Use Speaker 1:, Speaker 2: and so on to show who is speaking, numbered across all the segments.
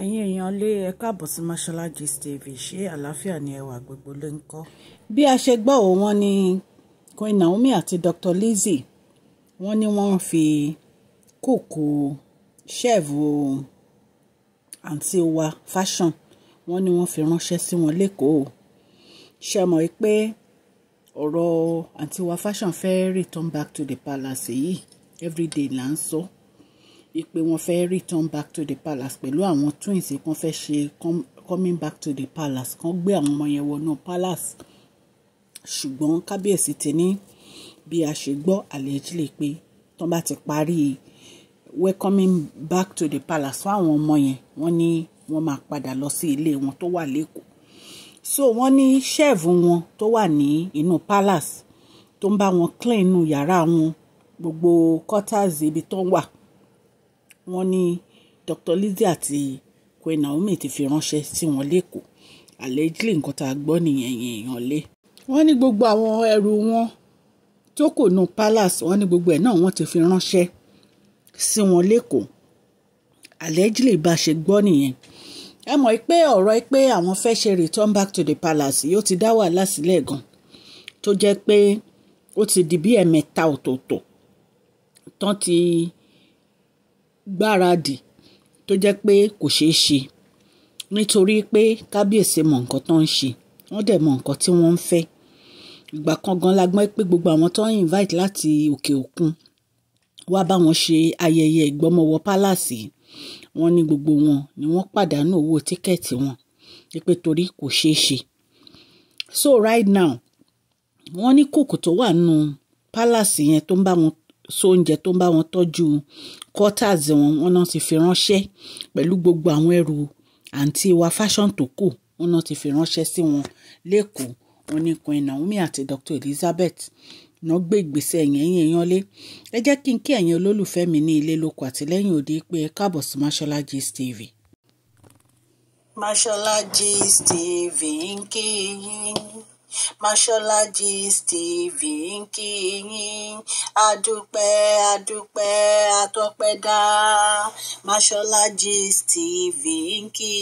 Speaker 1: ẹ̀yin èèyàn lé ẹ káàbọ̀ sí Mashola Gist TV ṣé àlàáfíà ni ẹwà gbogbo ló ń kọ́. bí a ṣe gbọ́ òun wọn ni Queen Naomi àti Dr. Lizzy wọ́n ní wọ́n fi kòkó ṣẹ́ẹ̀fù àǹtí wa fashion wọ́n ní wọ́n fi ránṣẹ́ sí wọn lẹ́kọ̀ọ́ ṣe mọ̀ pé ọ̀rọ̀ àǹtí wa fashion fẹ́ return back to the palace yìí everyday là ń sọ. So pé wọ́n fẹ́ return back to the palace pẹ̀lú àwọn twins kan fẹ́ ṣe coming back to the palace kan gbé àwọn ọmọ yẹn wọnú palace ṣùgbọ́n kábíyèsí ti ní bí a ṣe gbọ́ allegedly pé tán bá ti parí welcoming back to the palace fún àwọn ọmọ yẹn wọ́n ní wọ́n máa padà lọ sí ilé wọn tó wà lẹ́kọ̀ọ́ so wọ́n ní ṣẹ́ẹ̀fù wọn tó wà ní inú palace tó ń bá wọn clean inú yàrá wọn gbogbo quarters ibi tó ń wà wọ́n ní Dr. Lizzie àti Queen Naomi ti fi ránṣẹ́ sí wọn lẹ́kọ̀ọ́ allegedly nǹkan tá a gbọ́ nìyẹn yẹn èèyàn lé. wọ́n ní gbogbo àwọn ẹrù wọn tó kò nu palace wọ́n ní gbogbo ẹ̀ náà wọ́n ti fi ránṣẹ́ sí wọn lẹ́kọ̀ọ́ allegedly bá a ṣe gbọ́ nìyẹn ẹ mọ̀ pé ọ̀rọ̀ pé àwọn fẹ́ ṣe return back to the palace yóò ti dá wàhálà sílẹ̀ gan tó jẹ́ pé ó ti di bí ẹ̀mẹ́ta ọ̀tọ̀ọ̀tọ̀ tán ti. Tanti gbáradì tó jẹ́ pé kò ṣeé ṣe nítorí pé kábíyèsí mọ nǹkan tó ń ṣe wọ́n dẹ̀ mọ nǹkan tí wọ́n ń fẹ́ ìgbà kan gan la gbọ́n pé gbogbo àwọn tó ń invite láti òkè òkun wá bá wọn ṣe ayẹyẹ ìgbọ́mọwọ pálàsì wọ́n ní gbogbo wọn ni wọ́n pàdánù owó tíkẹ́ẹ̀tì wọn pé torí kò ṣeé ṣe so right now wọ́n ní kòkò tó wà nù pálàsì yẹn tó ń bá wọn sóúnjẹ tó ń bá wọn tọ́jú quarters wọn wọn náà ti fi ránṣẹ́ pẹ̀lú gbogbo àwọn ẹrù àǹtí wa fashion tó kù wọn náà ti fi ránṣẹ́ sí wọn lẹ́kọ̀ọ́ wọn ní Queen Naomi àti Dr Elizabeth náà gbé ìgbésẹ̀ ẹ̀yìn ẹ̀yìn èèyàn lé ẹ jẹ́ kí n kí ẹ̀yin olólùfẹ́ mi ní ilé lóko àtìlẹ́yìn òde pé ẹ káàbọ̀ sí Mashola Gist TV. Mashola Gist TV ń kí yín. Mashola Gist TV ń kí yín adúpẹ́ adúpẹ́ atọ́pẹ́dá Mashola Gist TV ń kí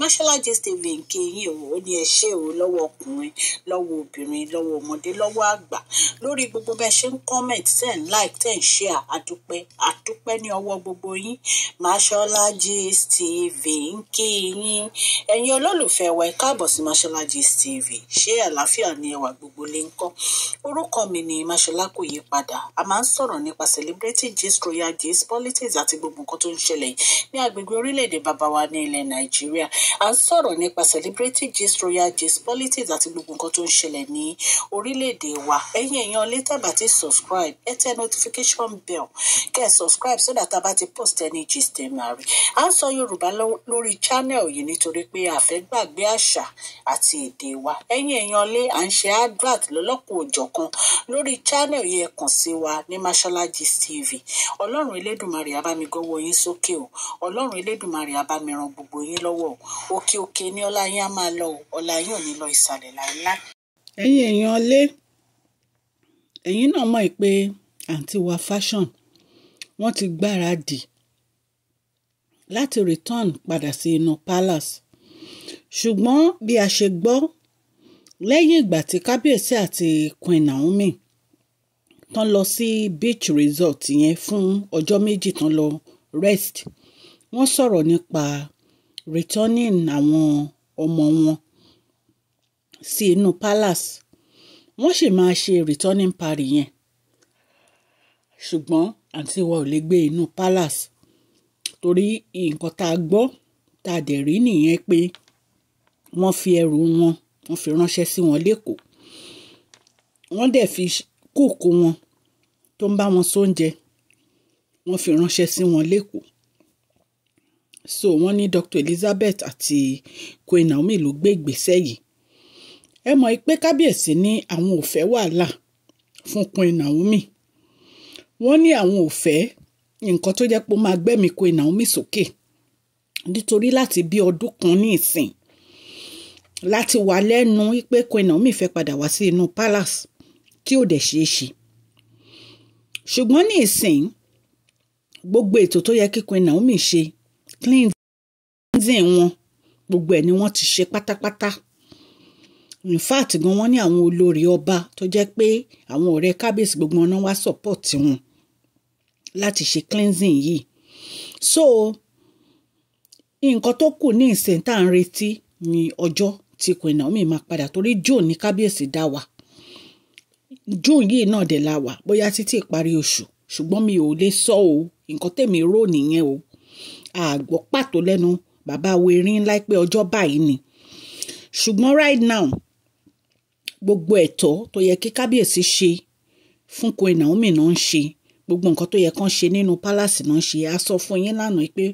Speaker 1: Mashola Gist TV ń kí yín o ó ní ẹ ṣé o lọ́wọ́ ọkùnrin lọ́wọ́ obìnrin lọ́wọ́ ọmọdé lọ́wọ́ àgbà lórí gbogbo bẹ́ẹ̀ ṣe ń comment ten like ten share adúpẹ́ adúpẹ́ ní ọwọ́ gbogbo yín Mashola Gist TV ń kí yín ẹ̀yin olólùfẹ́ wa ẹ káàbọ̀ sí Mashola Gist TV ṣé ẹ̀ àlàáfíà ni ẹwà gbogbo lè ń kọ́ orúkọ mi ni Máṣọlá kò yí padà a máa ń sọ̀rọ̀ nípa celebrity gist royal gist politics àti gbogbo nǹkan tó ń ṣẹlẹ̀ ní agbègbè orílẹ̀-èdè bàbá ní ilẹ̀ Nàìjíríà a ń sọ̀rọ̀ nípa celebrity gist royal gist politics àti gbogbo nǹkan tó ń ṣẹlẹ̀ ní orílẹ̀-èdè wa ẹ̀yin èèyàn lè tẹ̀bà tí subscribe ẹ tẹ notification bell kẹ́ ẹ subscribe so that a bá ti post any gist ẹ̀ máa rí à ń sọ Yorùbá lórí channel yìí nítorí pé a gbàgbé àṣà àti èdè wa ẹ̀yin èèyàn wọlé à ń ṣe advert lọ́lọ́kùn òjọ̀kan lórí channel yẹn kàn sí wa ní Mashola Gist TV ọlọ́run elédùnmarè á yín sókè o ọlọ́run elédùnmarè á gbogbo yín lọ́wọ́ o òkè òkè ni ọlá yín á máa lọ o ọlá yín ò ní lọ ìsàlẹ̀ láéláé. ẹ̀yin èèyàn lé ẹ̀yin náà mọ̀ pé àǹtí wa fashion wọ́n ti gbáradì láti return padà sí inú palace ṣùgbọ́n bí a ṣe gbọ́ lẹ́yìn ìgbà tí kábíyèsí àti queen naomi tán lọ sí beach resort yẹn fún ọjọ́ méjì tán lọ rest wọ́n sọ̀rọ̀ nípa returning àwọn ọmọ wọn sí inú palace wọ́n sì máa ṣe returning party yẹn ṣùgbọ́n àǹtí wa ò lè gbé inú palace torí nǹkan tá a gbọ́ tá a dẹ̀ rí nìyẹn pé wọ́n fi ẹrù wọn wọ́n fi ránṣẹ́ sí wọn lẹ́kọ̀ọ́ wọ́n dẹ̀ fi kóòkó wọn tó ń bá wọn sóúnjẹ wọ́n fi ránṣẹ́ sí wọn lẹ́kọ̀ọ́ so wọ́n ní Dr Elizabeth àti Queen Naomi ló gbé ìgbésẹ̀ yìí ẹ mọ̀ pé kábíyèsí ní àwọn ò fẹ́ wàhálà fún Queen Naomi wọ́n ní àwọn ò fẹ́ nǹkan tó jẹ́ pé ó máa gbẹ́mìí Queen Naomi sókè nítorí láti bí ọdún kan ní ìsìn láti wà lẹ́nu pé Queen Naomi fẹ́ padà wá sí inú palace tí ò dẹ̀ ṣeé ṣe ṣùgbọ́n ní ìsìn gbogbo ètò tó yẹ kí Queen Naomi ṣe cleansing wọn gbogbo ẹ̀ ni wọ́n ti ṣe pátápátá in fact gan wọ́n ní àwọn olórí ọba tó jẹ́ pé àwọn ọ̀rẹ́ kábíyèsí gbogbo ọ̀nà wá support wọn láti ṣe cleansing yìí so nǹkan tó kù ní ìsìn tá à ń retí ní ọjọ́ tí Queen Naomi máa padà torí June ní kábíyèsí dá wa June yìí náà dẹ̀ la wà bóyá títí ìparí oṣù ṣùgbọ́n mi ò lè sọ o nǹkan tèmi rò nìyẹn o àgbọ̀ pàtó lẹ́nu bàbá werin láìpẹ́ ọjọ́ báyìí ni ṣùgbọ́n right now gbogbo ẹ̀tọ́ tó yẹ kí kábíyèsí ṣe fún Queen Naomi náà ń ṣe gbogbo nǹkan tó yẹ kán ṣe nínú pálásì náà ṣe a sọ fún yín lánàá pé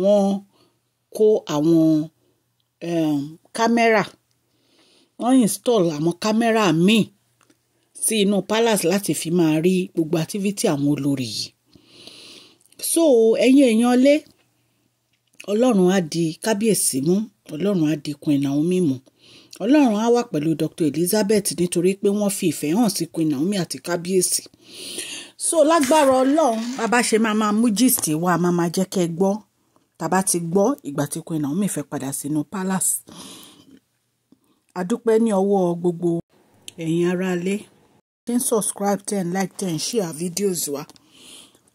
Speaker 1: wọ́n kó àwọn um, kámẹ́rà wọ́n install àwọn kámẹ́rà míì sí inú palace láti fi máa rí gbogbo activity àwọn olórí yìí so ẹ̀yin èèyàn lé ọlọ́run á di kábíyèsí mú ọlọ́run á di Queen Naomi mú ọlọ́run á wà pẹ̀lú Dr Elizabeth nítorí pé wọ́n fi ìfẹ́ hàn sí Queen Naomi àti kábíyèsí so lágbára ọlọ́run bàbá ṣe máa máa mú gist wá a máa máa jẹ́ kẹ́ ẹ gbọ́ tàbá ti gbọ́ ìgbà tí Queen Naomi fẹ́ padà sínú palace adúpẹ́ ní ọwọ́ gbogbo ẹ̀yin aráalé ten subscribe ten like ten share videos wa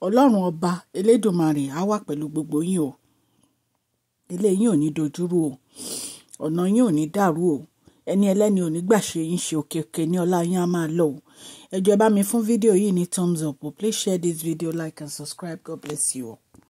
Speaker 1: ọlọ́run ọba elédùnmarè á wà pẹ̀lú gbogbo yín o ilé yín ò ní dojúrú o ọ̀nà yín ò ní dàrú o ẹni ẹlẹ́ni ò ní gbà ṣe yín ṣe òkè ní ọlá yín á máa lọ o ẹ bá mi fún fídíò yìí ní thumbs up please share this video like and subscribe god bless you all.